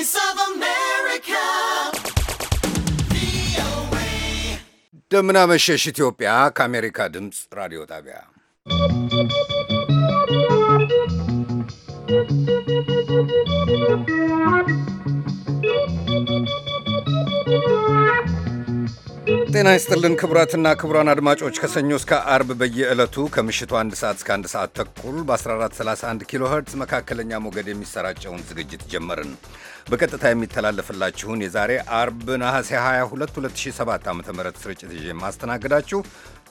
Voice of America. እንደምናመሸሽ ኢትዮጵያ ከአሜሪካ ድምፅ ራዲዮ ጣቢያ ጤና ይስጥልን ክቡራትና ክቡራን አድማጮች ከሰኞ እስከ አርብ በየዕለቱ ከምሽቱ አንድ ሰዓት እስከ አንድ ሰዓት ተኩል በ1431 ኪሎ ኸርትዝ መካከለኛ ሞገድ የሚሰራጨውን ዝግጅት ጀመርን። በቀጥታ የሚተላለፍላችሁን የዛሬ አርብ ነሐሴ 22 2007 ዓ ም ስርጭት ይዤ የማስተናግዳችሁ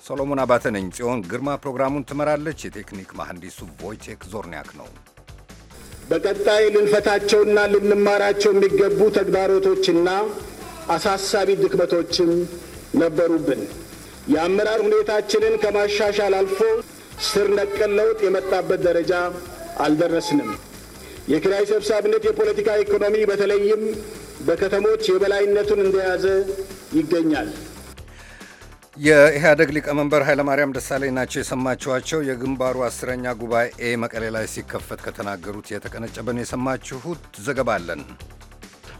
ሶሎሞን አባተ ነኝ። ጽዮን ግርማ ፕሮግራሙን ትመራለች። የቴክኒክ መሐንዲሱ ቮይቴክ ዞርኒያክ ነው። በቀጣይ ልንፈታቸውና ልንማራቸው የሚገቡ ተግዳሮቶችና አሳሳቢ ድክመቶችም ነበሩብን። የአመራር ሁኔታችንን ከማሻሻል አልፎ ስር ነቀል ለውጥ የመጣበት ደረጃ አልደረስንም። የኪራይ ሰብሳቢነት የፖለቲካ ኢኮኖሚ በተለይም በከተሞች የበላይነቱን እንደያዘ ይገኛል። የኢህአደግ ሊቀመንበር ኃይለማርያም ደሳለኝ ናቸው የሰማችኋቸው። የግንባሩ አስረኛ ጉባኤ መቀሌ ላይ ሲከፈት ከተናገሩት የተቀነጨበን የሰማችሁት ዘገባ አለን።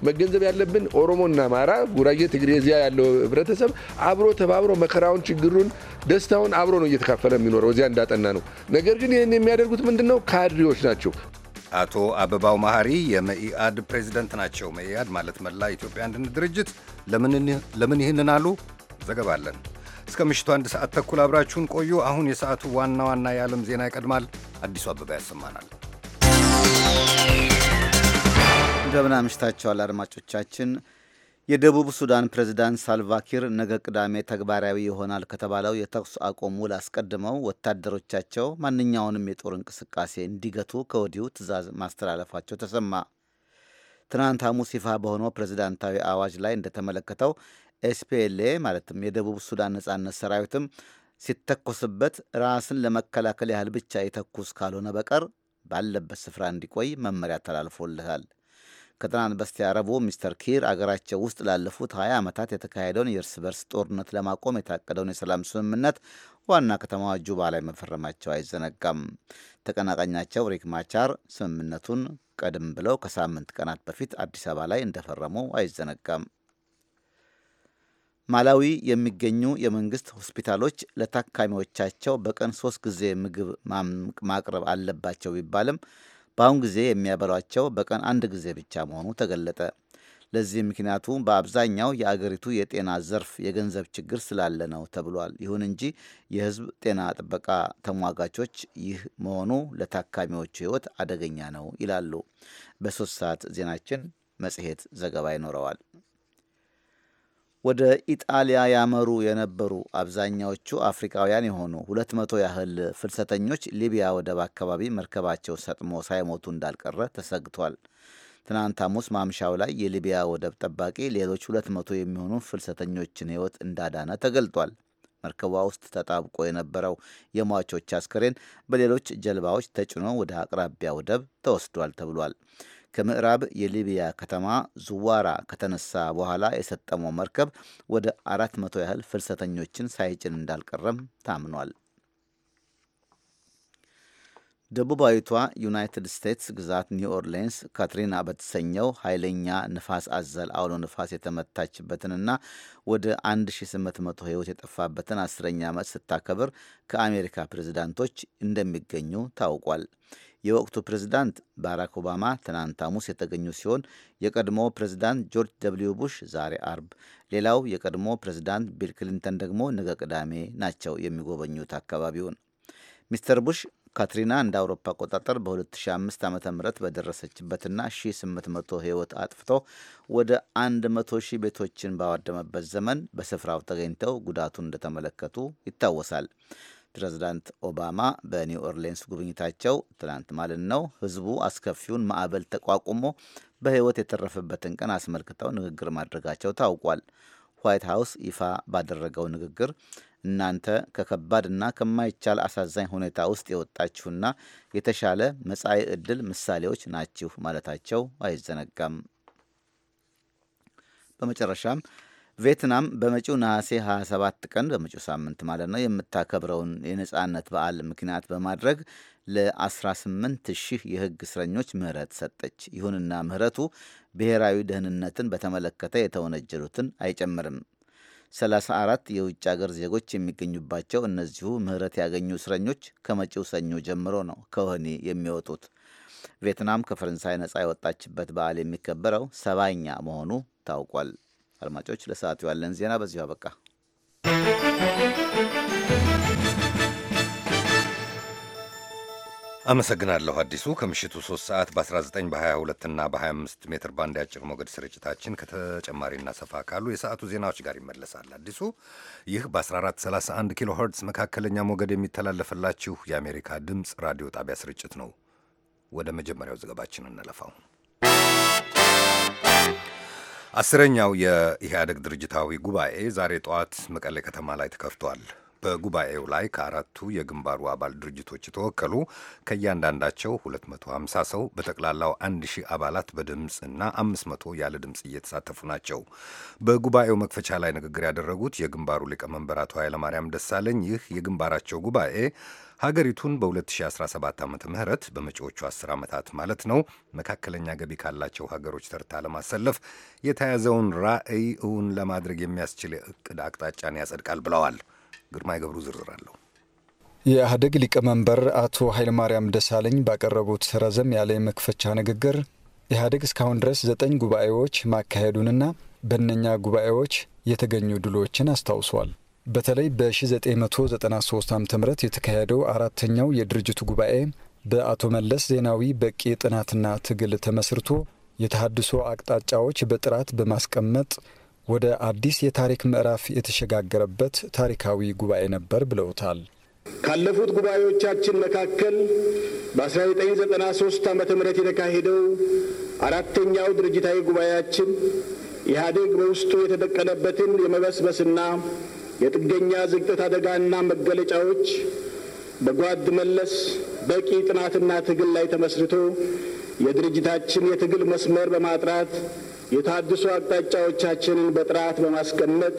መገንዘብ ያለብን ኦሮሞና አማራ፣ ጉራጌ፣ ትግሬ እዚያ ያለው ህብረተሰብ አብሮ ተባብሮ መከራውን፣ ችግሩን፣ ደስታውን አብሮ ነው እየተካፈለ የሚኖረው እዚያ እንዳጠና ነው። ነገር ግን ይህን የሚያደርጉት ምንድን ነው? ካድሬዎች ናቸው። አቶ አበባው መሐሪ የመኢአድ ፕሬዚደንት ናቸው። መኢአድ ማለት መላ ኢትዮጵያ አንድነት ድርጅት። ለምን ይህንን አሉ? ዘገባ አለን። እስከ ምሽቱ አንድ ሰዓት ተኩል አብራችሁን ቆዩ። አሁን የሰዓቱ ዋና ዋና የዓለም ዜና ይቀድማል። አዲሱ አበባ ያሰማናል። እንደምን አምሽታችኋል አድማጮቻችን። የደቡብ ሱዳን ፕሬዝዳንት ሳልቫኪር ነገ ቅዳሜ ተግባራዊ ይሆናል ከተባለው የተኩስ አቁም ውል አስቀድመው ወታደሮቻቸው ማንኛውንም የጦር እንቅስቃሴ እንዲገቱ ከወዲሁ ትዕዛዝ ማስተላለፋቸው ተሰማ። ትናንት ሐሙስ ይፋ በሆነው ፕሬዝዳንታዊ አዋጅ ላይ እንደተመለከተው ኤስፒኤልኤ ማለትም የደቡብ ሱዳን ነጻነት ሰራዊትም ሲተኮስበት ራስን ለመከላከል ያህል ብቻ የተኩስ ካልሆነ በቀር ባለበት ስፍራ እንዲቆይ መመሪያ ተላልፎልታል። ከትናንት በስቲያ ረቡዕ ሚስተር ኪር አገራቸው ውስጥ ላለፉት 20 ዓመታት የተካሄደውን የእርስ በርስ ጦርነት ለማቆም የታቀደውን የሰላም ስምምነት ዋና ከተማዋ ጁባ ላይ መፈረማቸው አይዘነጋም። ተቀናቃኛቸው ሪክ ማቻር ስምምነቱን ቀደም ብለው ከሳምንት ቀናት በፊት አዲስ አበባ ላይ እንደፈረሙ አይዘነጋም። ማላዊ የሚገኙ የመንግስት ሆስፒታሎች ለታካሚዎቻቸው በቀን ሶስት ጊዜ ምግብ ማቅረብ አለባቸው ቢባልም በአሁን ጊዜ የሚያበሏቸው በቀን አንድ ጊዜ ብቻ መሆኑ ተገለጠ። ለዚህ ምክንያቱ በአብዛኛው የአገሪቱ የጤና ዘርፍ የገንዘብ ችግር ስላለ ነው ተብሏል። ይሁን እንጂ የሕዝብ ጤና ጥበቃ ተሟጋቾች ይህ መሆኑ ለታካሚዎቹ ሕይወት አደገኛ ነው ይላሉ። በሶስት ሰዓት ዜናችን መጽሔት ዘገባ ይኖረዋል። ወደ ኢጣሊያ ያመሩ የነበሩ አብዛኛዎቹ አፍሪካውያን የሆኑ 200 ያህል ፍልሰተኞች ሊቢያ ወደብ አካባቢ መርከባቸው ሰጥሞ ሳይሞቱ እንዳልቀረ ተሰግቷል። ትናንት ሐሙስ ማምሻው ላይ የሊቢያ ወደብ ጠባቂ ሌሎች 200 የሚሆኑ ፍልሰተኞችን ሕይወት እንዳዳነ ተገልጧል። መርከቧ ውስጥ ተጣብቆ የነበረው የሟቾች አስክሬን በሌሎች ጀልባዎች ተጭኖ ወደ አቅራቢያ ወደብ ተወስዷል ተብሏል። ከምዕራብ የሊቢያ ከተማ ዙዋራ ከተነሳ በኋላ የሰጠመው መርከብ ወደ አራት መቶ ያህል ፍልሰተኞችን ሳይጭን እንዳልቀረም ታምኗል። ደቡባዊቷ ዩናይትድ ስቴትስ ግዛት ኒው ኦርሌንስ ካትሪና በተሰኘው ኃይለኛ ንፋስ አዘል አውሎ ንፋስ የተመታችበትንና ወደ 1800 ሕይወት የጠፋበትን አስረኛ ዓመት ስታከብር ከአሜሪካ ፕሬዝዳንቶች እንደሚገኙ ታውቋል። የወቅቱ ፕሬዝዳንት ባራክ ኦባማ ትናንት ሐሙስ የተገኙ ሲሆን የቀድሞ ፕሬዝዳንት ጆርጅ ደብልዩ ቡሽ ዛሬ አርብ፣ ሌላው የቀድሞ ፕሬዝዳንት ቢል ክሊንተን ደግሞ ነገ ቅዳሜ ናቸው የሚጎበኙት አካባቢውን። ሚስተር ቡሽ ካትሪና እንደ አውሮፓ አቆጣጠር በ2005 ዓ ም በደረሰችበትና 1800 ሕይወት አጥፍቶ ወደ 100 ሺህ ቤቶችን ባዋደመበት ዘመን በስፍራው ተገኝተው ጉዳቱን እንደተመለከቱ ይታወሳል። ፕሬዚዳንት ኦባማ በኒው ኦርሊንስ ጉብኝታቸው ትናንት ማለት ነው ሕዝቡ አስከፊውን ማዕበል ተቋቁሞ በሕይወት የተረፈበትን ቀን አስመልክተው ንግግር ማድረጋቸው ታውቋል። ዋይት ሀውስ ይፋ ባደረገው ንግግር እናንተ ከከባድና ከማይቻል አሳዛኝ ሁኔታ ውስጥ የወጣችሁና የተሻለ መጻኢ ዕድል ምሳሌዎች ናችሁ ማለታቸው አይዘነጋም። በመጨረሻም ቪየትናም በመጪው ነሐሴ 27 ቀን በመጪው ሳምንት ማለት ነው የምታከብረውን የነጻነት በዓል ምክንያት በማድረግ ለ18 ሺህ የሕግ እስረኞች ምህረት ሰጠች። ይሁንና ምህረቱ ብሔራዊ ደህንነትን በተመለከተ የተወነጀሉትን አይጨምርም። 34 የውጭ አገር ዜጎች የሚገኙባቸው እነዚሁ ምህረት ያገኙ እስረኞች ከመጪው ሰኞ ጀምሮ ነው ከወህኒ የሚወጡት። ቪየትናም ከፈረንሳይ ነጻ የወጣችበት በዓል የሚከበረው ሰባኛ መሆኑ ታውቋል። አድማጮች፣ ለሰዓቱ ያለን ዜና በዚሁ አበቃ። አመሰግናለሁ አዲሱ። ከምሽቱ 3 ሰዓት በ19 በ22 እና በ25 ሜትር ባንድ የአጭር ሞገድ ስርጭታችን ከተጨማሪና ሰፋ ካሉ የሰዓቱ ዜናዎች ጋር ይመለሳል። አዲሱ፣ ይህ በ1431 ኪሎ ኸርትዝ መካከለኛ ሞገድ የሚተላለፍላችሁ የአሜሪካ ድምፅ ራዲዮ ጣቢያ ስርጭት ነው። ወደ መጀመሪያው ዘገባችን እንለፋው። አስረኛው የኢህአደግ ድርጅታዊ ጉባኤ ዛሬ ጠዋት መቀሌ ከተማ ላይ ተከፍቷል። በጉባኤው ላይ ከአራቱ የግንባሩ አባል ድርጅቶች የተወከሉ ከእያንዳንዳቸው 250 ሰው በጠቅላላው 1ንድ ሺህ አባላት በድምፅ እና 500 ያለ ድምፅ እየተሳተፉ ናቸው። በጉባኤው መክፈቻ ላይ ንግግር ያደረጉት የግንባሩ ሊቀመንበር አቶ ኃይለማርያም ደሳለኝ ይህ የግንባራቸው ጉባኤ ሀገሪቱን በ2017 ዓ ምህረት በመጪዎቹ 10 ዓመታት ማለት ነው መካከለኛ ገቢ ካላቸው ሀገሮች ተርታ ለማሰለፍ የተያዘውን ራዕይ እውን ለማድረግ የሚያስችል እቅድ አቅጣጫን ያጸድቃል ብለዋል። ግርማ የገብሩ ዝርዝር አለው። የኢህአዴግ ሊቀመንበር አቶ ኃይለማርያም ደሳለኝ ባቀረቡት ረዘም ያለ የመክፈቻ ንግግር ኢህአዴግ እስካሁን ድረስ ዘጠኝ ጉባኤዎች ማካሄዱንና በእነኛ ጉባኤዎች የተገኙ ድሎችን አስታውሷል። በተለይ በ1993 ዓ ም የተካሄደው አራተኛው የድርጅቱ ጉባኤ በአቶ መለስ ዜናዊ በቂ ጥናትና ትግል ተመስርቶ የተሃድሶ አቅጣጫዎች በጥራት በማስቀመጥ ወደ አዲስ የታሪክ ምዕራፍ የተሸጋገረበት ታሪካዊ ጉባኤ ነበር ብለውታል። ካለፉት ጉባኤዎቻችን መካከል በ1993 ዓ ም የተካሄደው አራተኛው ድርጅታዊ ጉባኤያችን ኢህአዴግ በውስጡ የተደቀነበትን የመበስበስና የጥገኛ ዝግጠት አደጋና መገለጫዎች በጓድ መለስ በቂ ጥናትና ትግል ላይ ተመስርቶ የድርጅታችን የትግል መስመር በማጥራት የታድሱ አቅጣጫዎቻችንን በጥራት በማስቀመጥ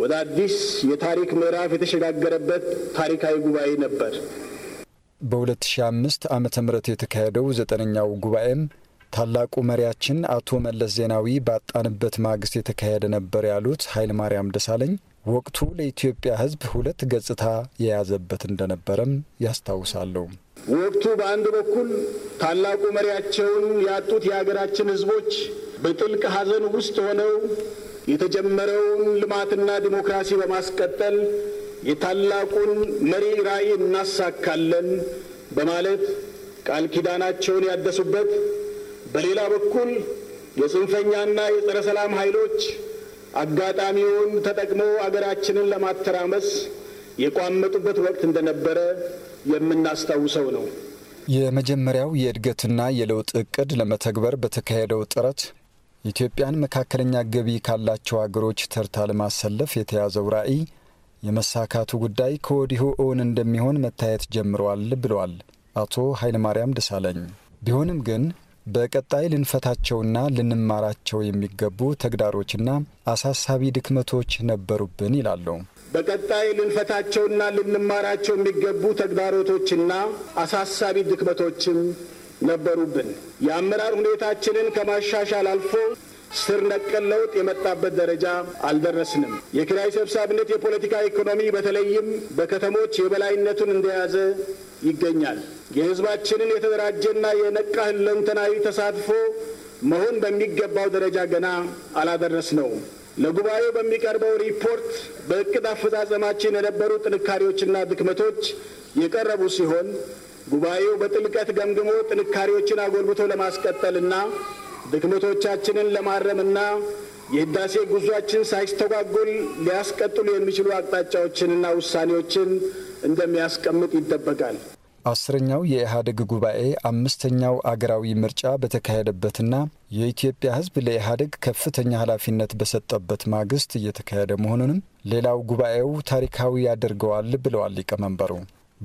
ወደ አዲስ የታሪክ ምዕራፍ የተሸጋገረበት ታሪካዊ ጉባኤ ነበር። በ2005 ዓ ም የተካሄደው ዘጠነኛው ጉባኤም ታላቁ መሪያችን አቶ መለስ ዜናዊ ባጣንበት ማግስት የተካሄደ ነበር ያሉት ኃይለ ማርያም ደሳለኝ ወቅቱ ለኢትዮጵያ ሕዝብ ሁለት ገጽታ የያዘበት እንደነበረም ያስታውሳለሁ። ወቅቱ በአንድ በኩል ታላቁ መሪያቸውን ያጡት የሀገራችን ሕዝቦች በጥልቅ ሐዘን ውስጥ ሆነው የተጀመረውን ልማትና ዲሞክራሲ በማስቀጠል የታላቁን መሪ ራዕይ እናሳካለን በማለት ቃል ኪዳናቸውን ያደሱበት፣ በሌላ በኩል የጽንፈኛና የጸረ ሰላም ኃይሎች አጋጣሚውን ተጠቅመው አገራችንን ለማተራመስ የቋመጡበት ወቅት እንደነበረ የምናስታውሰው ነው። የመጀመሪያው የእድገትና የለውጥ እቅድ ለመተግበር በተካሄደው ጥረት ኢትዮጵያን መካከለኛ ገቢ ካላቸው አገሮች ተርታ ለማሰለፍ የተያዘው ራዕይ የመሳካቱ ጉዳይ ከወዲሁ እውን እንደሚሆን መታየት ጀምረዋል ብለዋል አቶ ኃይለማርያም ደሳለኝ። ቢሆንም ግን በቀጣይ ልንፈታቸውና ልንማራቸው የሚገቡ ተግዳሮችና አሳሳቢ ድክመቶች ነበሩብን ይላሉ። በቀጣይ ልንፈታቸውና ልንማራቸው የሚገቡ ተግዳሮቶችና አሳሳቢ ድክመቶችም ነበሩብን። የአመራር ሁኔታችንን ከማሻሻል አልፎ ስር ነቀል ለውጥ የመጣበት ደረጃ አልደረስንም። የኪራይ ሰብሳቢነት የፖለቲካ ኢኮኖሚ በተለይም በከተሞች የበላይነቱን እንደያዘ ይገኛል። የሕዝባችንን የተደራጀና የነቃ ሁለንተናዊ ተሳትፎ መሆን በሚገባው ደረጃ ገና አላደረስ ነው። ለጉባኤው በሚቀርበው ሪፖርት በእቅድ አፈጻጸማችን የነበሩ ጥንካሬዎችና ድክመቶች የቀረቡ ሲሆን ጉባኤው በጥልቀት ገምግሞ ጥንካሬዎችን አጎልብቶ ለማስቀጠልና ድክመቶቻችንን ለማረምና የህዳሴ ጉዟችን ሳይስተጓጉል ሊያስቀጥሉ የሚችሉ አቅጣጫዎችንና ውሳኔዎችን እንደሚያስቀምጥ ይጠበቃል። አስረኛው የኢህአዴግ ጉባኤ አምስተኛው አገራዊ ምርጫ በተካሄደበትና የኢትዮጵያ ህዝብ ለኢህአዴግ ከፍተኛ ኃላፊነት በሰጠበት ማግስት እየተካሄደ መሆኑንም ሌላው ጉባኤው ታሪካዊ ያደርገዋል ብለዋል ሊቀመንበሩ።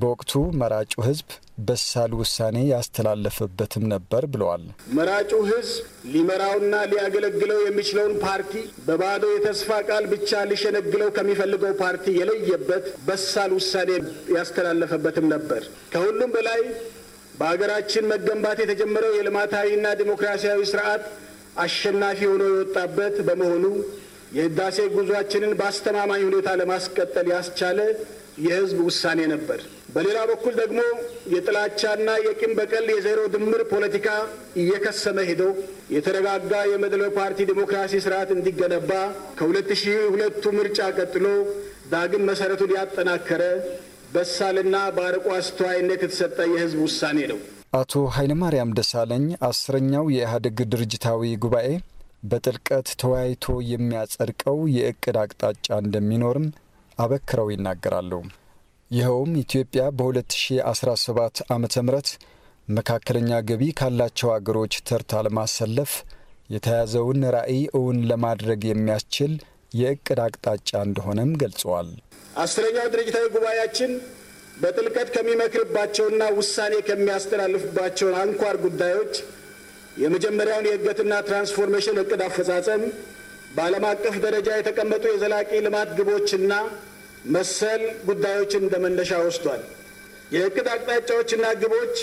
በወቅቱ መራጩ ህዝብ በሳል ውሳኔ ያስተላለፈበትም ነበር ብለዋል። መራጩ ህዝብ ሊመራውና ሊያገለግለው የሚችለውን ፓርቲ በባዶ የተስፋ ቃል ብቻ ሊሸነግለው ከሚፈልገው ፓርቲ የለየበት በሳል ውሳኔ ያስተላለፈበትም ነበር። ከሁሉም በላይ በሀገራችን መገንባት የተጀመረው የልማታዊና ዲሞክራሲያዊ ስርዓት አሸናፊ ሆኖ የወጣበት በመሆኑ የህዳሴ ጉዟችንን በአስተማማኝ ሁኔታ ለማስቀጠል ያስቻለ የህዝብ ውሳኔ ነበር። በሌላ በኩል ደግሞ የጥላቻና የቂም በቀል የዜሮ ድምር ፖለቲካ እየከሰመ ሄዶ የተረጋጋ የመድለ ፓርቲ ዲሞክራሲ ስርዓት እንዲገነባ ከሁለት ሺህ ሁለቱ ምርጫ ቀጥሎ ዳግም መሰረቱን ያጠናከረ በሳልና በአርቆ አስተዋይነት የተሰጠ የህዝብ ውሳኔ ነው። አቶ ኃይለማርያም ደሳለኝ አስረኛው የኢህአዴግ ድርጅታዊ ጉባኤ በጥልቀት ተወያይቶ የሚያጸድቀው የእቅድ አቅጣጫ እንደሚኖርም አበክረው ይናገራሉ። ይኸውም ኢትዮጵያ በ2017 ዓ ም መካከለኛ ገቢ ካላቸው አገሮች ተርታ ለማሰለፍ የተያዘውን ራዕይ እውን ለማድረግ የሚያስችል የእቅድ አቅጣጫ እንደሆነም ገልጸዋል። አስረኛው ድርጅታዊ ጉባኤያችን በጥልቀት ከሚመክርባቸውና ውሳኔ ከሚያስተላልፍባቸው አንኳር ጉዳዮች የመጀመሪያውን የእድገትና ትራንስፎርሜሽን እቅድ አፈጻጸም፣ በዓለም አቀፍ ደረጃ የተቀመጡ የዘላቂ ልማት ግቦችና መሰል ጉዳዮችን እንደ መነሻ ወስዷል። የእቅድ አቅጣጫዎችና ግቦች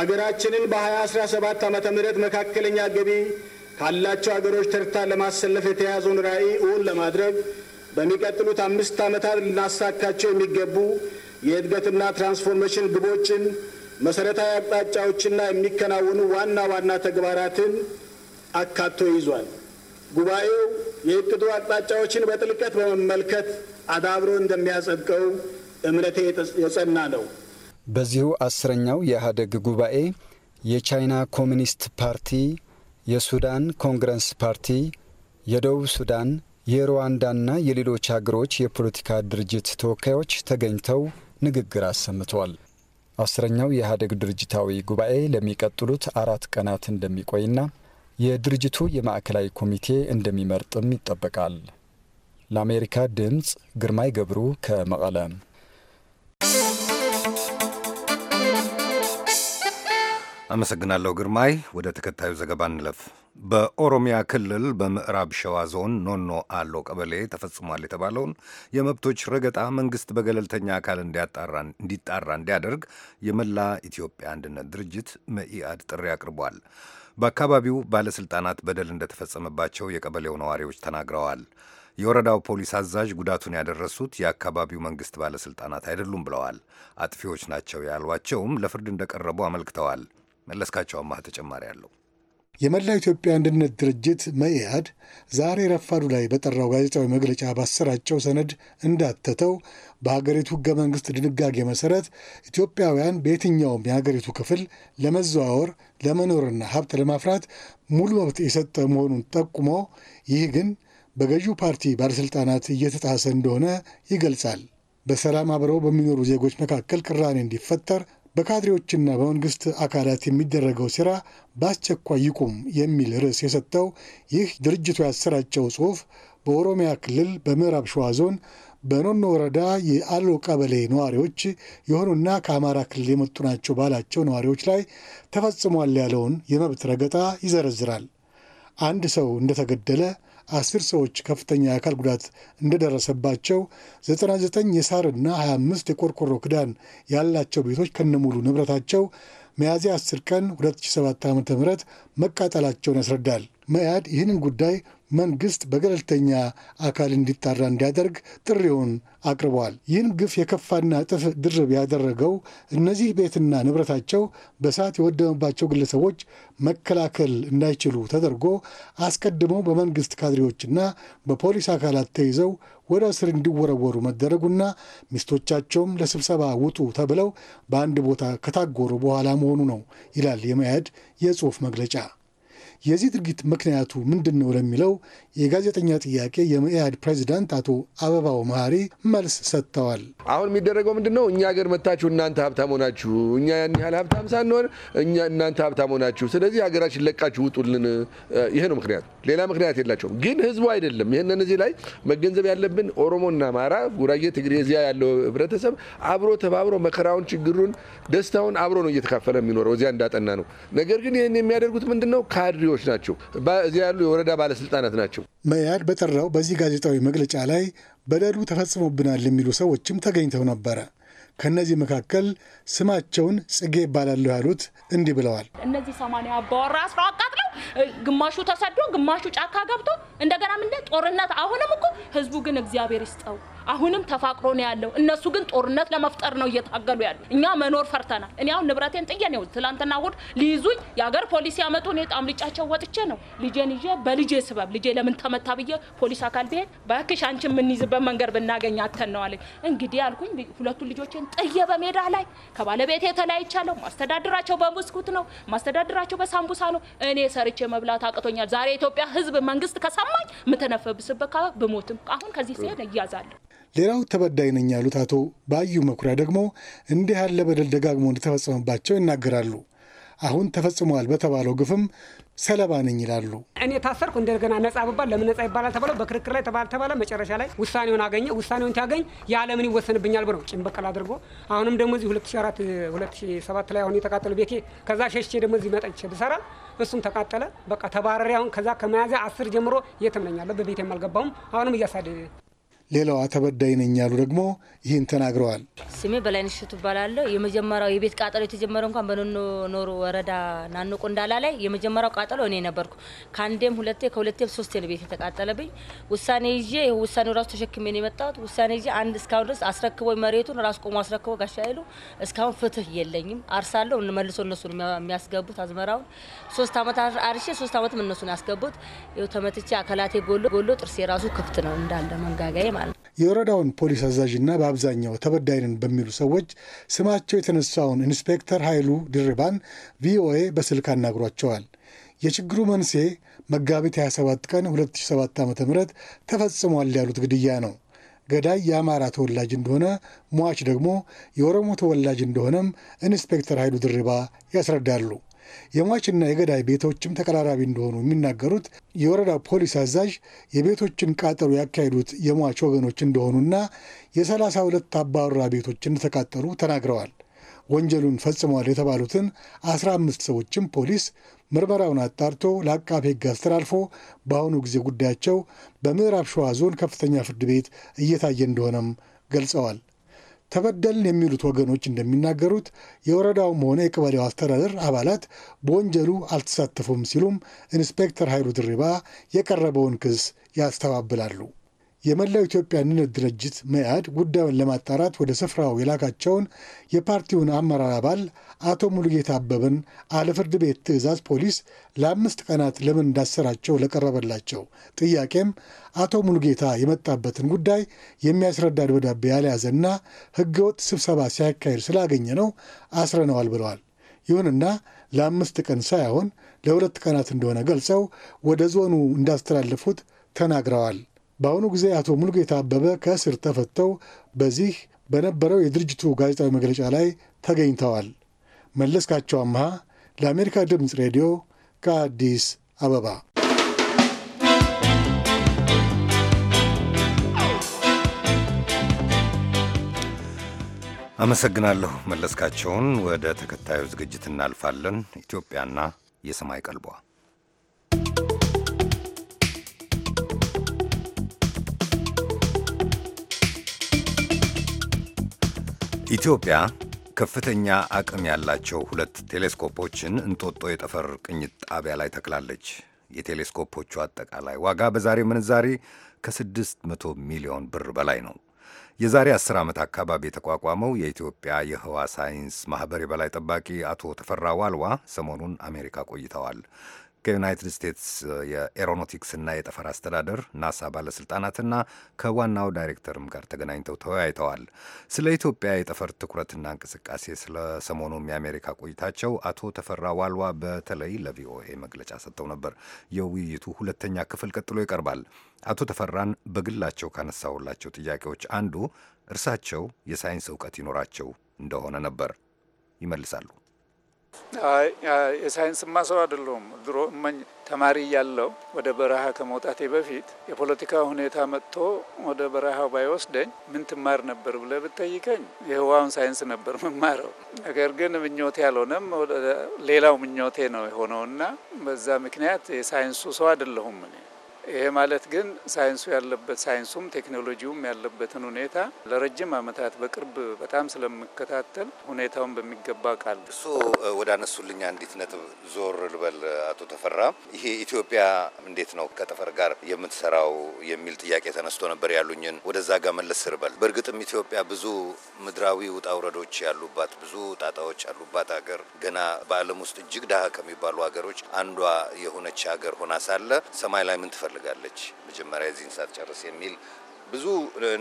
አገራችንን በ2017 ዓ ም መካከለኛ ገቢ ካላቸው አገሮች ተርታ ለማሰለፍ የተያዘውን ራዕይ እውን ለማድረግ በሚቀጥሉት አምስት ዓመታት ልናሳካቸው የሚገቡ የእድገትና ትራንስፎርሜሽን ግቦችን፣ መሠረታዊ አቅጣጫዎችና የሚከናወኑ ዋና ዋና ተግባራትን አካቶ ይዟል። ጉባኤው የእቅዱ አቅጣጫዎችን በጥልቀት በመመልከት አዳብሮ እንደሚያጸድቀው እምነቴ የጸና ነው። በዚሁ አስረኛው የኢህአዴግ ጉባኤ የቻይና ኮሚኒስት ፓርቲ፣ የሱዳን ኮንግረስ ፓርቲ፣ የደቡብ ሱዳን፣ የሩዋንዳና የሌሎች አገሮች የፖለቲካ ድርጅት ተወካዮች ተገኝተው ንግግር አሰምተዋል። አስረኛው የኢህአዴግ ድርጅታዊ ጉባኤ ለሚቀጥሉት አራት ቀናት እንደሚቆይና የድርጅቱ የማዕከላዊ ኮሚቴ እንደሚመርጥም ይጠበቃል። ለአሜሪካ ድምፅ ግርማይ ገብሩ ከመቐለ። አመሰግናለሁ ግርማይ። ወደ ተከታዩ ዘገባ እንለፍ። በኦሮሚያ ክልል በምዕራብ ሸዋ ዞን ኖኖ አሎ ቀበሌ ተፈጽሟል የተባለውን የመብቶች ረገጣ መንግስት በገለልተኛ አካል እንዲጣራ እንዲያደርግ የመላ ኢትዮጵያ አንድነት ድርጅት መኢአድ ጥሪ አቅርቧል። በአካባቢው ባለሥልጣናት በደል እንደተፈጸመባቸው የቀበሌው ነዋሪዎች ተናግረዋል። የወረዳው ፖሊስ አዛዥ ጉዳቱን ያደረሱት የአካባቢው መንግስት ባለሥልጣናት አይደሉም ብለዋል። አጥፊዎች ናቸው ያሏቸውም ለፍርድ እንደቀረቡ አመልክተዋል። መለስካቸው አማህ ተጨማሪ አለው። የመላው ኢትዮጵያ አንድነት ድርጅት መኢአድ ዛሬ ረፋዱ ላይ በጠራው ጋዜጣዊ መግለጫ ባሰራጨው ሰነድ እንዳተተው በሀገሪቱ ህገ መንግስት ድንጋጌ መሰረት ኢትዮጵያውያን በየትኛውም የሀገሪቱ ክፍል ለመዘዋወር ለመኖርና ሀብት ለማፍራት ሙሉ መብት የሰጠ መሆኑን ጠቁሞ ይህ ግን በገዢው ፓርቲ ባለሥልጣናት እየተጣሰ እንደሆነ ይገልጻል። በሰላም አብረው በሚኖሩ ዜጎች መካከል ቅራኔ እንዲፈጠር በካድሬዎችና በመንግስት አካላት የሚደረገው ሥራ በአስቸኳይ ይቁም የሚል ርዕስ የሰጠው ይህ ድርጅቱ ያሰራጨው ጽሑፍ በኦሮሚያ ክልል በምዕራብ ሸዋ ዞን በኖኖ ወረዳ የአሎ ቀበሌ ነዋሪዎች የሆኑና ከአማራ ክልል የመጡ ናቸው ባላቸው ነዋሪዎች ላይ ተፈጽሟል ያለውን የመብት ረገጣ ይዘረዝራል። አንድ ሰው እንደተገደለ አስር ሰዎች ከፍተኛ የአካል ጉዳት እንደደረሰባቸው፣ 99 የሳርና 25 የቆርቆሮ ክዳን ያላቸው ቤቶች ከነሙሉ ንብረታቸው ሚያዝያ 10 ቀን 2007 ዓ.ም መቃጠላቸውን ያስረዳል። መያድ ይህንን ጉዳይ መንግስት በገለልተኛ አካል እንዲጣራ እንዲያደርግ ጥሪውን አቅርበዋል። ይህን ግፍ የከፋና እጥፍ ድርብ ያደረገው እነዚህ ቤትና ንብረታቸው በሰዓት የወደመባቸው ግለሰቦች መከላከል እንዳይችሉ ተደርጎ አስቀድሞ በመንግስት ካድሬዎችና በፖሊስ አካላት ተይዘው ወደ እስር እንዲወረወሩ መደረጉና ሚስቶቻቸውም ለስብሰባ ውጡ ተብለው በአንድ ቦታ ከታጎሩ በኋላ መሆኑ ነው ይላል የመያድ የጽሑፍ መግለጫ። የዚህ ድርጊት ምክንያቱ ምንድን ነው ለሚለው የጋዜጠኛ ጥያቄ የመኢአድ ፕሬዚዳንት አቶ አበባው መሀሪ መልስ ሰጥተዋል። አሁን የሚደረገው ምንድን ነው? እኛ ሀገር መታችሁ እናንተ ሀብታም ሆናችሁ፣ እኛ ያን ያህል ሀብታም ሳንሆን እኛ እናንተ ሀብታም ሆናችሁ፣ ስለዚህ ሀገራችን ለቃችሁ ውጡልን። ይሄ ነው ምክንያቱ። ሌላ ምክንያት የላቸውም። ግን ህዝቡ አይደለም። ይህንን እዚህ ላይ መገንዘብ ያለብን ኦሮሞና አማራ፣ ጉራጌ፣ ትግሬ እዚያ ያለው ህብረተሰብ አብሮ ተባብሮ መከራውን፣ ችግሩን፣ ደስታውን አብሮ ነው እየተካፈለ የሚኖረው እዚያ እንዳጠና ነው። ነገር ግን ይህን የሚያደርጉት ምንድን ነው ካድሬ ልጆች ናቸው። እዚያ ያሉ የወረዳ ባለስልጣናት ናቸው። መያድ በጠራው በዚህ ጋዜጣዊ መግለጫ ላይ በደሉ ተፈጽሞብናል የሚሉ ሰዎችም ተገኝተው ነበረ። ከእነዚህ መካከል ስማቸውን ጽጌ ይባላሉ ያሉት እንዲህ ብለዋል። እነዚህ ሰማንያ አባወራ አስረው አቃጥለው፣ ግማሹ ተሰዶ፣ ግማሹ ጫካ ገብቶ እንደገና ምንደ ጦርነት አሁንም እኮ ህዝቡ ግን እግዚአብሔር ይስጠው አሁንም ተፋቅሮ ነው ያለው። እነሱ ግን ጦርነት ለመፍጠር ነው እየታገሉ ያሉ። እኛ መኖር ፈርተናል። እኔ አሁን ንብረቴን ጥዬ ነው ትላንትና እሑድ ሊይዙኝ የሀገር ፖሊስ ያመጡ። እኔ ጣምልጫቸው ወጥቼ ነው ልጄን ይዤ በልጄ ስበብ ልጄ ለምን ተመታ ብዬ ፖሊስ አካል ብሄድ በክሽ አንቺ የምንይዝበት መንገድ ብናገኝ አተን ነው አለኝ። እንግዲህ አልኩኝ ሁለቱ ልጆችን ጥዬ በሜዳ ላይ ከባለቤቴ ተለያይቻለሁ። ማስተዳድራቸው በብስኩት ነው ማስተዳድራቸው በሳምቡሳ ነው። እኔ ሰርቼ መብላት አቅቶኛል። ዛሬ የኢትዮጵያ ህዝብ መንግስት ከሰማኝ የምተነፈብስበት ብሞትም አሁን ከዚህ ሲሄድ እያዛለሁ። ሌላው ተበዳይ ነኝ ያሉት አቶ ባዩ መኩሪያ ደግሞ እንዲህ ያለ በደል ደጋግሞ እንደተፈጸመባቸው ይናገራሉ። አሁን ተፈጽመዋል በተባለው ግፍም ሰለባ ነኝ ይላሉ። እኔ ታሰርኩ እንደገና ነጻ ብባል ለምን ነጻ ይባላል ተባለ። በክርክር ላይ ተባለ ተባለ መጨረሻ ላይ ውሳኔውን አገኘ። ውሳኔውን ሲያገኝ ያለምን ይወሰንብኛል ብሎ ጭን በቀል አድርጎ አሁንም ደግሞ እዚህ 2004 2007 ላይ አሁን የተቃጠሉ ቤቴ ከዛ ሸሽቼ ደግሞ እዚህ መጠቼ ብሰራ እሱም ተቃጠለ። በቃ ተባረሪ። አሁን ከዛ ከመያዝያ አስር ጀምሮ የትም ነኛለሁ። በቤቴም አልገባሁም። አሁንም እያሳደ ሌላዋ ተበዳይ ነኝ ያሉ ደግሞ ይህን ተናግረዋል። ስሜ በላይነሽ እሸቱ የመጀመሪያው የቤት ቃጠሎ የተጀመረ እንኳን በኖኖ ኖሮ ወረዳ ናኖ ቆንዳላ ላይ የመጀመሪያው ቃጠሎ እኔ ነበርኩ። ከአንዴም ሁለቴ ከሁለቴም ሶስቴ ነው ቤት የተቃጠለብኝ። ውሳኔ ይዤ ውሳኔው ራሱ ተሸክሜ ነው የመጣሁት። ውሳኔ ይዤ አንድ እስካሁን ድረስ አስረክቦ መሬቱን ራሱ ቆሞ አስረክቦ ጋሻ ይሉ እስካሁን ፍትህ የለኝም። አርሳለሁ መልሶ እነሱ የሚያስገቡት አዝመራውን ሶስት ዓመት አርሼ ሶስት ዓመትም እነሱን ያስገቡት። ተመትቼ አካላቴ ጎሎ ጎሎ ጥርሴ ራሱ ክፍት ነው እንዳለ መንጋጋዬ የወረዳውን ፖሊስ አዛዥና በአብዛኛው ተበዳይንን በሚሉ ሰዎች ስማቸው የተነሳውን ኢንስፔክተር ኃይሉ ድርባን ቪኦኤ በስልክ አናግሯቸዋል። የችግሩ መንስኤ መጋቢት 27 ቀን 2007 ዓ ም ተፈጽሟል ያሉት ግድያ ነው። ገዳይ የአማራ ተወላጅ እንደሆነ ሟች ደግሞ የኦሮሞ ተወላጅ እንደሆነም ኢንስፔክተር ኃይሉ ድርባ ያስረዳሉ። የሟችና የገዳይ ቤቶችም ተቀራራቢ እንደሆኑ የሚናገሩት የወረዳ ፖሊስ አዛዥ የቤቶችን ቃጠሎ ያካሄዱት የሟች ወገኖች እንደሆኑና የሰላሳ ሁለት አባወራ ቤቶች እንደተቃጠሉ ተናግረዋል። ወንጀሉን ፈጽመዋል የተባሉትን አስራ አምስት ሰዎችም ፖሊስ ምርመራውን አጣርቶ ለአቃቤ ሕግ አስተላልፎ በአሁኑ ጊዜ ጉዳያቸው በምዕራብ ሸዋ ዞን ከፍተኛ ፍርድ ቤት እየታየ እንደሆነም ገልጸዋል። ተበደልን የሚሉት ወገኖች እንደሚናገሩት የወረዳውም ሆነ የቀበሌው አስተዳደር አባላት በወንጀሉ አልተሳተፉም ሲሉም ኢንስፔክተር ኃይሉ ድሪባ የቀረበውን ክስ ያስተባብላሉ። የመላው ኢትዮጵያ አንድነት ድርጅት መኢአድ ጉዳዩን ለማጣራት ወደ ስፍራው የላካቸውን የፓርቲውን አመራር አባል አቶ ሙሉጌታ አበበን አለፍርድ ቤት ትዕዛዝ ፖሊስ ለአምስት ቀናት ለምን እንዳሰራቸው ለቀረበላቸው ጥያቄም አቶ ሙሉጌታ የመጣበትን ጉዳይ የሚያስረዳ ደብዳቤ ያልያዘና ሕገወጥ ስብሰባ ሲያካሄድ ስላገኘ ነው አስረነዋል ብለዋል። ይሁንና ለአምስት ቀን ሳይሆን ለሁለት ቀናት እንደሆነ ገልጸው ወደ ዞኑ እንዳስተላለፉት ተናግረዋል። በአሁኑ ጊዜ አቶ ሙሉጌታ አበበ ከእስር ተፈተው በዚህ በነበረው የድርጅቱ ጋዜጣዊ መግለጫ ላይ ተገኝተዋል። መለስካቸው አምሃ ለአሜሪካ ድምፅ ሬዲዮ ከአዲስ አበባ። አመሰግናለሁ መለስካቸውን። ወደ ተከታዩ ዝግጅት እናልፋለን። ኢትዮጵያና የሰማይ ቀልቧ ኢትዮጵያ ከፍተኛ አቅም ያላቸው ሁለት ቴሌስኮፖችን እንጦጦ የጠፈር ቅኝት ጣቢያ ላይ ተክላለች። የቴሌስኮፖቹ አጠቃላይ ዋጋ በዛሬ ምንዛሬ ከ600 ሚሊዮን ብር በላይ ነው። የዛሬ 10 ዓመት አካባቢ የተቋቋመው የኢትዮጵያ የህዋ ሳይንስ ማኅበር የበላይ ጠባቂ አቶ ተፈራ ዋልዋ ሰሞኑን አሜሪካ ቆይተዋል። ከዩናይትድ ስቴትስ የኤሮኖቲክስና የጠፈር አስተዳደር ናሳ ባለሥልጣናትና ከዋናው ዳይሬክተርም ጋር ተገናኝተው ተወያይተዋል። ስለ ኢትዮጵያ የጠፈር ትኩረትና እንቅስቃሴ፣ ስለ ሰሞኑም የአሜሪካ ቆይታቸው አቶ ተፈራ ዋልዋ በተለይ ለቪኦኤ መግለጫ ሰጥተው ነበር። የውይይቱ ሁለተኛ ክፍል ቀጥሎ ይቀርባል። አቶ ተፈራን በግላቸው ካነሳሁላቸው ጥያቄዎች አንዱ እርሳቸው የሳይንስ እውቀት ይኖራቸው እንደሆነ ነበር። ይመልሳሉ። የሳይንስ ሰው አይደለሁም። ድሮ እመኝ ተማሪ እያለሁ ወደ በረሃ ከመውጣቴ በፊት የፖለቲካ ሁኔታ መጥቶ ወደ በረሃው ባይወስደኝ ምን ትማር ነበር ብለህ ብትጠይቀኝ የህዋውን ሳይንስ ነበር መማረው። ነገር ግን ምኞቴ ያልሆነም ሌላው ምኞቴ ነው የሆነውና በዛ ምክንያት የሳይንሱ ሰው አይደለሁም እኔ። ይሄ ማለት ግን ሳይንሱ ያለበት ሳይንሱም ቴክኖሎጂውም ያለበትን ሁኔታ ለረጅም ዓመታት በቅርብ በጣም ስለምከታተል ሁኔታውን በሚገባ ቃል እሱ ወደ አነሱልኝ አንዲት ነጥብ ዞር ልበል አቶ ተፈራ። ይሄ ኢትዮጵያ እንዴት ነው ከጠፈር ጋር የምትሰራው የሚል ጥያቄ ተነስቶ ነበር ያሉኝን ወደዛ ጋር መለስ ስርበል። በእርግጥም ኢትዮጵያ ብዙ ምድራዊ ውጣ ውረዶች ያሉባት ብዙ ጣጣዎች ያሉባት ሀገር ገና በዓለም ውስጥ እጅግ ድሃ ከሚባሉ ሀገሮች አንዷ የሆነች ሀገር ሆና ሳለ ሰማይ ላይ ምን ትፈልግ ትፈልጋለች መጀመሪያ የዚህን ሳትጨርስ የሚል ብዙ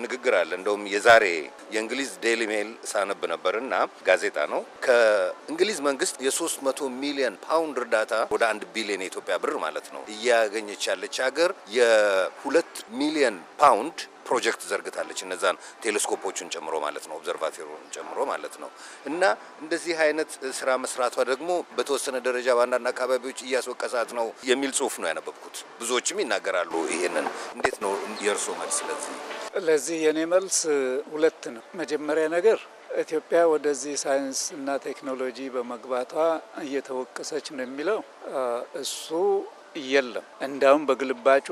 ንግግር አለ። እንደውም የዛሬ የእንግሊዝ ዴይሊ ሜል ሳነብ ነበር እና ጋዜጣ ነው ከእንግሊዝ መንግስት የ300 ሚሊዮን ፓውንድ እርዳታ ወደ አንድ ቢሊዮን የኢትዮጵያ ብር ማለት ነው እያገኘች ያለች ሀገር የሁለት ሚሊዮን ፓውንድ ፕሮጀክት ዘርግታለች። እነዛን ቴሌስኮፖቹን ጨምሮ ማለት ነው፣ ኦብዘርቫቶሪውን ጨምሮ ማለት ነው። እና እንደዚህ አይነት ስራ መስራቷ ደግሞ በተወሰነ ደረጃ በአንዳንድ አካባቢዎች እያስወቀሳት ነው የሚል ጽሁፍ ነው ያነበብኩት። ብዙዎችም ይናገራሉ ይሄንን። እንዴት ነው የእርስዎ መልስ ለዚህ? ለዚህ የኔ መልስ ሁለት ነው። መጀመሪያ ነገር ኢትዮጵያ ወደዚህ ሳይንስ እና ቴክኖሎጂ በመግባቷ እየተወቀሰች ነው የሚለው እሱ የለም። እንዳውም በግልባጩ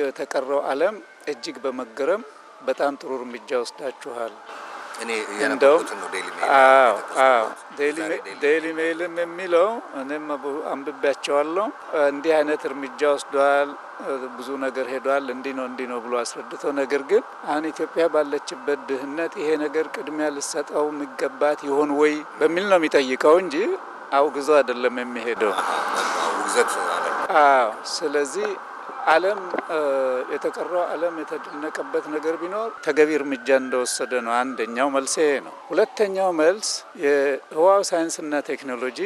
የተቀረው ዓለም እጅግ በመገረም በጣም ጥሩ እርምጃ ወስዳችኋል። እንደውም ዴይሊ ሜይልም የሚለው እኔም አንብቤያቸዋለሁ። እንዲህ አይነት እርምጃ ወስዷል፣ ብዙ ነገር ሄዷል፣ እንዲህ ነው እንዲህ ነው ብሎ አስረድተው፣ ነገር ግን አሁን ኢትዮጵያ ባለችበት ድህነት ይሄ ነገር ቅድሚያ ልሰጠው የሚገባት ይሆን ወይ በሚል ነው የሚጠይቀው እንጂ አውግዞ አይደለም የሚሄደው። ስለዚህ ዓለም የተቀረው ዓለም የተደነቀበት ነገር ቢኖር ተገቢ እርምጃ እንደወሰደ ነው። አንደኛው መልስ ነው። ሁለተኛው መልስ የህዋው ሳይንስና ቴክኖሎጂ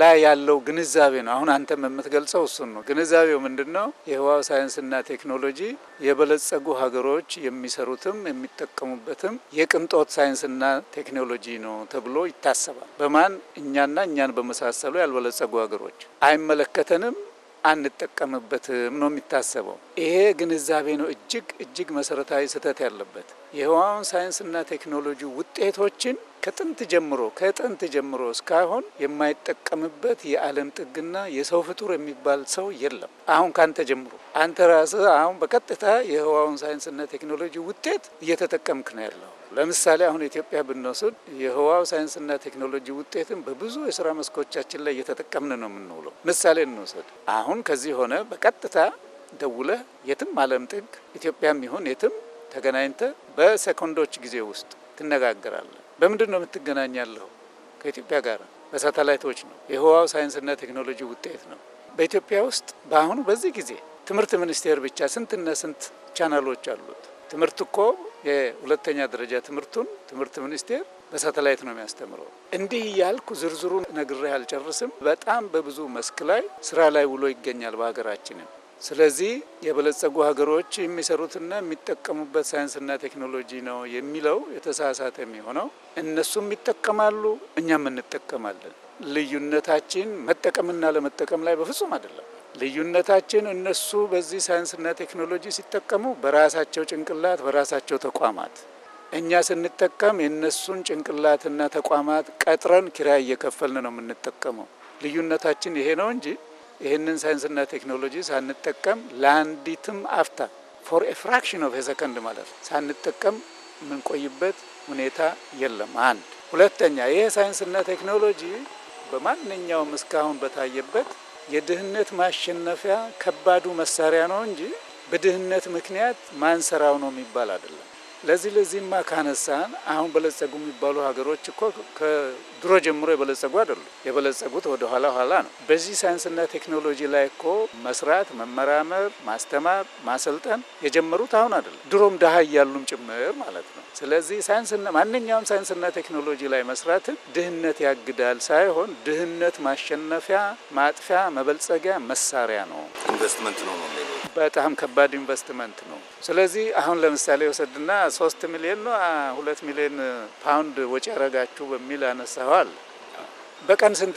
ላይ ያለው ግንዛቤ ነው። አሁን አንተም የምትገልጸው እሱን ነው። ግንዛቤው ምንድን ነው? የህዋው ሳይንስና ቴክኖሎጂ የበለጸጉ ሀገሮች የሚሰሩትም የሚጠቀሙበትም የቅንጦት ሳይንስና ቴክኖሎጂ ነው ተብሎ ይታሰባል። በማን እኛና እኛን በመሳሰሉ ያልበለጸጉ ሀገሮች አይመለከተንም አንጠቀምበትም ነው የሚታሰበው። ይሄ ግንዛቤ ነው እጅግ እጅግ መሰረታዊ ስህተት ያለበት። የህዋውን ሳይንስና ቴክኖሎጂ ውጤቶችን ከጥንት ጀምሮ ከጥንት ጀምሮ እስካሁን የማይጠቀምበት የዓለም ጥግና የሰው ፍጡር የሚባል ሰው የለም። አሁን ካንተ ጀምሮ አንተ ራስህ አሁን በቀጥታ የህዋውን ሳይንስና ቴክኖሎጂ ውጤት እየተጠቀምክ ነው ያለው። ለምሳሌ አሁን ኢትዮጵያ ብንወስድ የህዋው ሳይንስና ቴክኖሎጂ ውጤትን በብዙ የስራ መስኮቻችን ላይ እየተጠቀምን ነው የምንውለው። ምሳሌ እንውሰድ። አሁን ከዚህ ሆነ በቀጥታ ደውለህ የትም ዓለም ጥግ ኢትዮጵያም ይሁን የትም ተገናኝተ በሴኮንዶች ጊዜ ውስጥ ትነጋገራለህ። በምንድን ነው የምትገናኛለሁ? ከኢትዮጵያ ጋር በሳተላይቶች ነው። የህዋው ሳይንስና ቴክኖሎጂ ውጤት ነው። በኢትዮጵያ ውስጥ በአሁኑ በዚህ ጊዜ ትምህርት ሚኒስቴር ብቻ ስንትና ስንት ቻናሎች አሉት። ትምህርት እኮ የሁለተኛ ደረጃ ትምህርቱን ትምህርት ሚኒስቴር በሳተላይት ነው የሚያስተምረው። እንዲህ እያልኩ ዝርዝሩን ነግሬህ አልጨርስም። በጣም በብዙ መስክ ላይ ስራ ላይ ውሎ ይገኛል በሀገራችንም። ስለዚህ የበለጸጉ ሀገሮች የሚሰሩትና የሚጠቀሙበት ሳይንስና ቴክኖሎጂ ነው የሚለው የተሳሳተ የሚሆነው። እነሱም ይጠቀማሉ፣ እኛም እንጠቀማለን። ልዩነታችን መጠቀምና ለመጠቀም ላይ በፍጹም አይደለም። ልዩነታችን እነሱ በዚህ ሳይንስና ቴክኖሎጂ ሲጠቀሙ በራሳቸው ጭንቅላት በራሳቸው ተቋማት፣ እኛ ስንጠቀም የእነሱን ጭንቅላትና ተቋማት ቀጥረን ኪራይ እየከፈልን ነው የምንጠቀመው። ልዩነታችን ይሄ ነው እንጂ ይህንን ሳይንስና ቴክኖሎጂ ሳንጠቀም ለአንዲትም አፍታ ፎር ኤ ፍራክሽን ኦፍ ሰከንድ ማለት ነው ሳንጠቀም የምንቆይበት ሁኔታ የለም። አንድ ሁለተኛ፣ ይህ ሳይንስና ቴክኖሎጂ በማንኛውም እስካሁን በታየበት የድህነት ማሸነፊያ ከባዱ መሳሪያ ነው እንጂ በድህነት ምክንያት ማንሰራው ነው የሚባል አይደለም። ለዚህ ለዚህማ ካነሳን አሁን በለጸጉ የሚባሉ ሀገሮች እኮ ከድሮ ጀምሮ የበለጸጉ አይደሉ። የበለጸጉት ወደ ኋላ ኋላ ነው። በዚህ ሳይንስና ቴክኖሎጂ ላይ እኮ መስራት፣ መመራመር፣ ማስተማር፣ ማሰልጠን የጀመሩት አሁን አይደለም፣ ድሮም ድሀ እያሉም ጭምር ማለት ነው። ስለዚህ ሳይንስና ማንኛውም ሳይንስና ቴክኖሎጂ ላይ መስራትን ድህነት ያግዳል ሳይሆን ድህነት ማሸነፊያ፣ ማጥፊያ፣ መበልጸጊያ መሳሪያ ነው። ኢንቨስትመንት ነው ነው በጣም ከባድ ኢንቨስትመንት ነው። ስለዚህ አሁን ለምሳሌ ወሰድና ሶስት ሚሊዮን ነው ሁለት ሚሊዮን ፓውንድ ወጪ ያረጋችሁ በሚል አነሳዋል። በቀን ስንት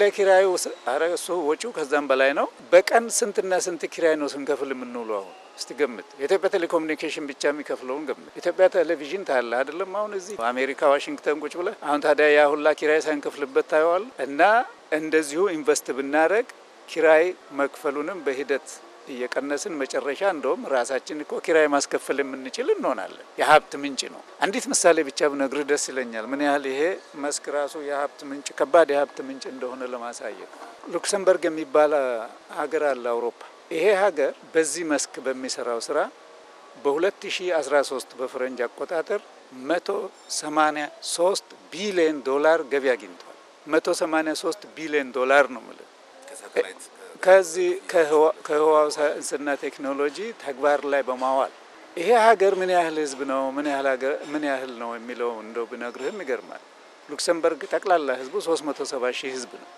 ለኪራዩ? ኧረ እሱ ወጪው ከዛም በላይ ነው። በቀን ስንትና ስንት ኪራይ ነው ስንከፍል የምንውለው አሁን እስቲ ገምት። የኢትዮጵያ ቴሌኮሙኒኬሽን ብቻ የሚከፍለውን ገምት። ኢትዮጵያ ቴሌቪዥን ታለ አይደለም? አሁን እዚህ አሜሪካ ዋሽንግተን ቁጭ ብለህ አሁን ታዲያ ያ ሁላ ኪራይ ሳንከፍልበት ታየዋል። እና እንደዚሁ ኢንቨስት ብናደረግ ኪራይ መክፈሉንም በሂደት እየቀነስን መጨረሻ እንደውም ራሳችን እኮ ኪራይ ማስከፈል የምንችል እንሆናለን። የሀብት ምንጭ ነው። አንዲት ምሳሌ ብቻ ብነግርህ ደስ ይለኛል። ምን ያህል ይሄ መስክ ራሱ የሀብት ምንጭ ከባድ የሀብት ምንጭ እንደሆነ ለማሳየት። ሉክሰምበርግ የሚባል ሀገር አለ አውሮፓ ይሄ ሀገር በዚህ መስክ በሚሰራው ስራ በ2013 በፈረንጅ አቆጣጠር 183 ቢሊዮን ዶላር ገቢ አግኝቷል። 183 ቢሊዮን ዶላር ነው ማለት ከዚህ ከህዋ ሳይንስና ቴክኖሎጂ ተግባር ላይ በማዋል ይሄ ሀገር ምን ያህል ህዝብ ነው ምን ያህል ነው የሚለው እንደው ብነግርህም ይገርማል። ሉክሰምበርግ ጠቅላላ ህዝቡ 370 ሺህ ህዝብ ነው።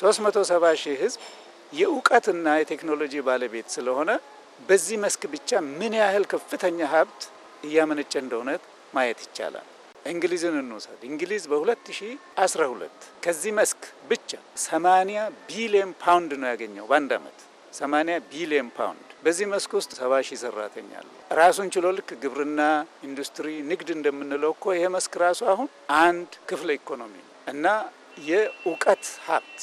370 ሺህ ህዝብ የእውቀትና የቴክኖሎጂ ባለቤት ስለሆነ በዚህ መስክ ብቻ ምን ያህል ከፍተኛ ሀብት እያመነጨ እንደሆነ ማየት ይቻላል። እንግሊዝን እንውሰድ። እንግሊዝ በ2012 ከዚህ መስክ ብቻ 80 ቢሊዮን ፓውንድ ነው ያገኘው በአንድ ዓመት 80 ቢሊዮን ፓውንድ። በዚህ መስክ ውስጥ 70 ሺህ ሰራተኛ አሉ። ራሱን ችሎ ልክ ግብርና፣ ኢንዱስትሪ፣ ንግድ እንደምንለው እኮ ይሄ መስክ ራሱ አሁን አንድ ክፍለ ኢኮኖሚ ነው እና የእውቀት ሀብት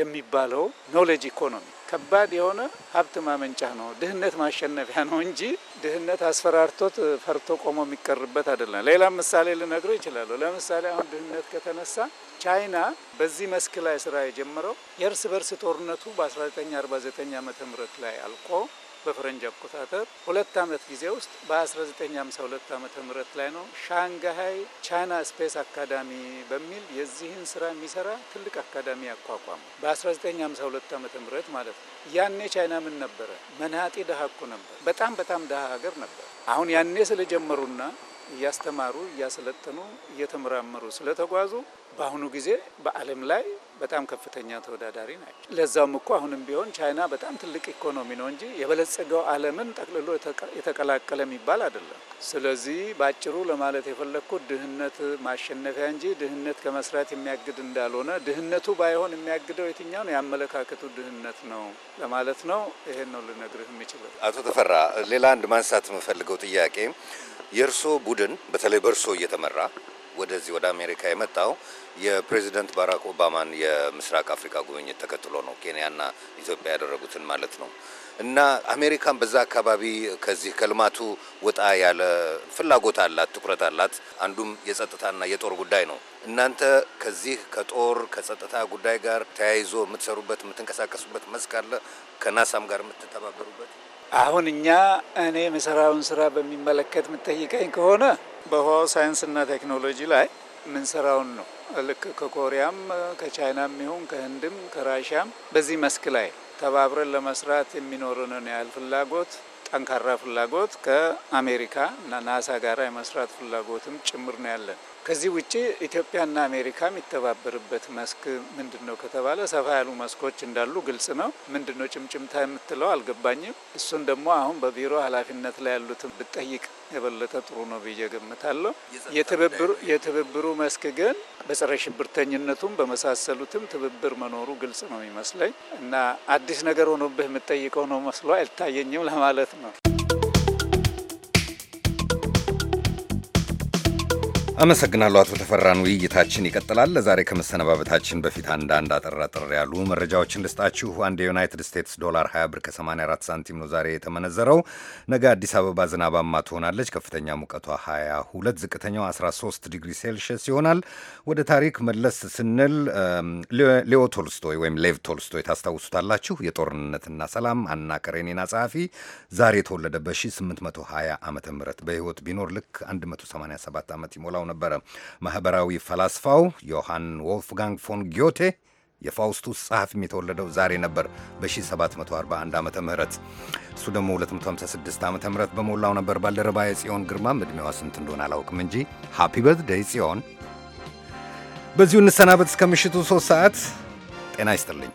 የሚባለው ኖሌጅ ኢኮኖሚ ከባድ የሆነ ሀብት ማመንጫ ነው። ድህነት ማሸነፊያ ነው እንጂ ድህነት አስፈራርቶት ፈርቶ ቆሞ የሚቀርበት አይደለም። ሌላም ምሳሌ ልነግሮ ይችላሉ። ለምሳሌ አሁን ድህነት ከተነሳ ቻይና በዚህ መስክ ላይ ስራ የጀመረው የእርስ በርስ ጦርነቱ በ1949 ዓ ም ላይ አልቆ በፈረንጅ አቆጣጠር ሁለት ዓመት ጊዜ ውስጥ በ1952 ዓ ም ላይ ነው ሻንጋሃይ ቻይና ስፔስ አካዳሚ በሚል የዚህን ስራ የሚሰራ ትልቅ አካዳሚ ያቋቋሙ። በ1952 ዓ ም ማለት ነው። ያኔ ቻይና ምን ነበረ? መናጢ ደሃ እኮ ነበር። በጣም በጣም ደሃ ሀገር ነበር። አሁን ያኔ ስለጀመሩና እያስተማሩ እያሰለጠኑ እየተመራመሩ ስለተጓዙ በአሁኑ ጊዜ በዓለም ላይ በጣም ከፍተኛ ተወዳዳሪ ናቸው። ለዛውም እኮ አሁንም ቢሆን ቻይና በጣም ትልቅ ኢኮኖሚ ነው እንጂ የበለጸገው ዓለምን ጠቅልሎ የተቀላቀለ የሚባል አይደለም። ስለዚህ በአጭሩ ለማለት የፈለግኩት ድህነት ማሸነፊያ እንጂ ድህነት ከመስራት የሚያግድ እንዳልሆነ፣ ድህነቱ ባይሆን የሚያግደው የትኛውን የአመለካከቱ ድህነት ነው ለማለት ነው። ይሄን ነው ልነግርህ የሚችለው። አቶ ተፈራ፣ ሌላ አንድ ማንሳት የምፈልገው ጥያቄ የእርሶ ቡድን በተለይ በእርሶ እየተመራ ወደዚህ ወደ አሜሪካ የመጣው የፕሬዚደንት ባራክ ኦባማን የምስራቅ አፍሪካ ጉብኝት ተከትሎ ነው። ኬንያና ኢትዮጵያ ያደረጉትን ማለት ነው። እና አሜሪካን በዛ አካባቢ ከዚህ ከልማቱ ወጣ ያለ ፍላጎት አላት፣ ትኩረት አላት። አንዱም የጸጥታና የጦር ጉዳይ ነው። እናንተ ከዚህ ከጦር ከጸጥታ ጉዳይ ጋር ተያይዞ የምትሰሩበት የምትንቀሳቀሱበት መስክ አለ ከናሳም ጋር የምትተባበሩበት። አሁን እኛ እኔ የምሰራውን ስራ በሚመለከት የምትጠይቀኝ ከሆነ በውሃው ሳይንስና ቴክኖሎጂ ላይ ምንሰራውን ነው። ልክ ከኮሪያም ከቻይናም ይሁን ከህንድም ከራሽያም በዚህ መስክ ላይ ተባብረን ለመስራት የሚኖርንን ያህል ፍላጎት ጠንካራ ፍላጎት ከአሜሪካ እና ናሳ ጋር የመስራት ፍላጎትም ጭምር ነው ያለን። ከዚህ ውጭ ኢትዮጵያና አሜሪካ የሚተባበርበት መስክ ምንድን ነው ከተባለ ሰፋ ያሉ መስኮች እንዳሉ ግልጽ ነው። ምንድን ነው ጭምጭምታ የምትለው አልገባኝም። እሱን ደግሞ አሁን በቢሮ ኃላፊነት ላይ ያሉትን ብጠይቅ የበለጠ ጥሩ ነው ብዬ ገምታለሁ። የትብብሩ መስክ ግን በጸረ ሽብርተኝነቱም በመሳሰሉትም ትብብር መኖሩ ግልጽ ነው ይመስለኝ እና አዲስ ነገር ሆኖብህ የምጠይቀው ነው መስሎ አይታየኝም ለማለት ነው። አመሰግናለሁ አቶ ተፈራን። ውይይታችን ይቀጥላል። ለዛሬ ከመሰነባበታችን በፊት አንዳንድ አጠራጠር ያሉ መረጃዎችን ልስጣችሁ። አንድ የዩናይትድ ስቴትስ ዶላር 20 ብር ከ84 ሳንቲም ነው ዛሬ የተመነዘረው። ነገ አዲስ አበባ ዝናባማ ትሆናለች። ከፍተኛ ሙቀቷ 22፣ ዝቅተኛው 13 ዲግሪ ሴልሽየስ ይሆናል። ወደ ታሪክ መለስ ስንል ሌዎ ቶልስቶይ ወይም ሌቭ ቶልስቶይ ታስታውሱታላችሁ። የጦርነትና ሰላም አና ከሬኒና ጸሐፊ ዛሬ የተወለደ በ1820 ዓ ም በህይወት ቢኖር ልክ 187 ዓመት ይሞላው ተናግረው ነበረ። ማኅበራዊ ፈላስፋው ዮሐን ወልፍጋንግ ፎን ጊዮቴ የፋውስቱ ጸሐፊም የተወለደው ዛሬ ነበር በ1741 ዓ ም እሱ ደግሞ 256 ዓ ም በሞላው ነበር። ባልደረባ የጽዮን ግርማም ዕድሜዋ ስንት እንደሆነ አላውቅም እንጂ ሃፒ በርዝደይ ጽዮን። በዚሁ እንሰናበት እስከ ምሽቱ 3 ሰዓት ጤና ይስጥልኝ።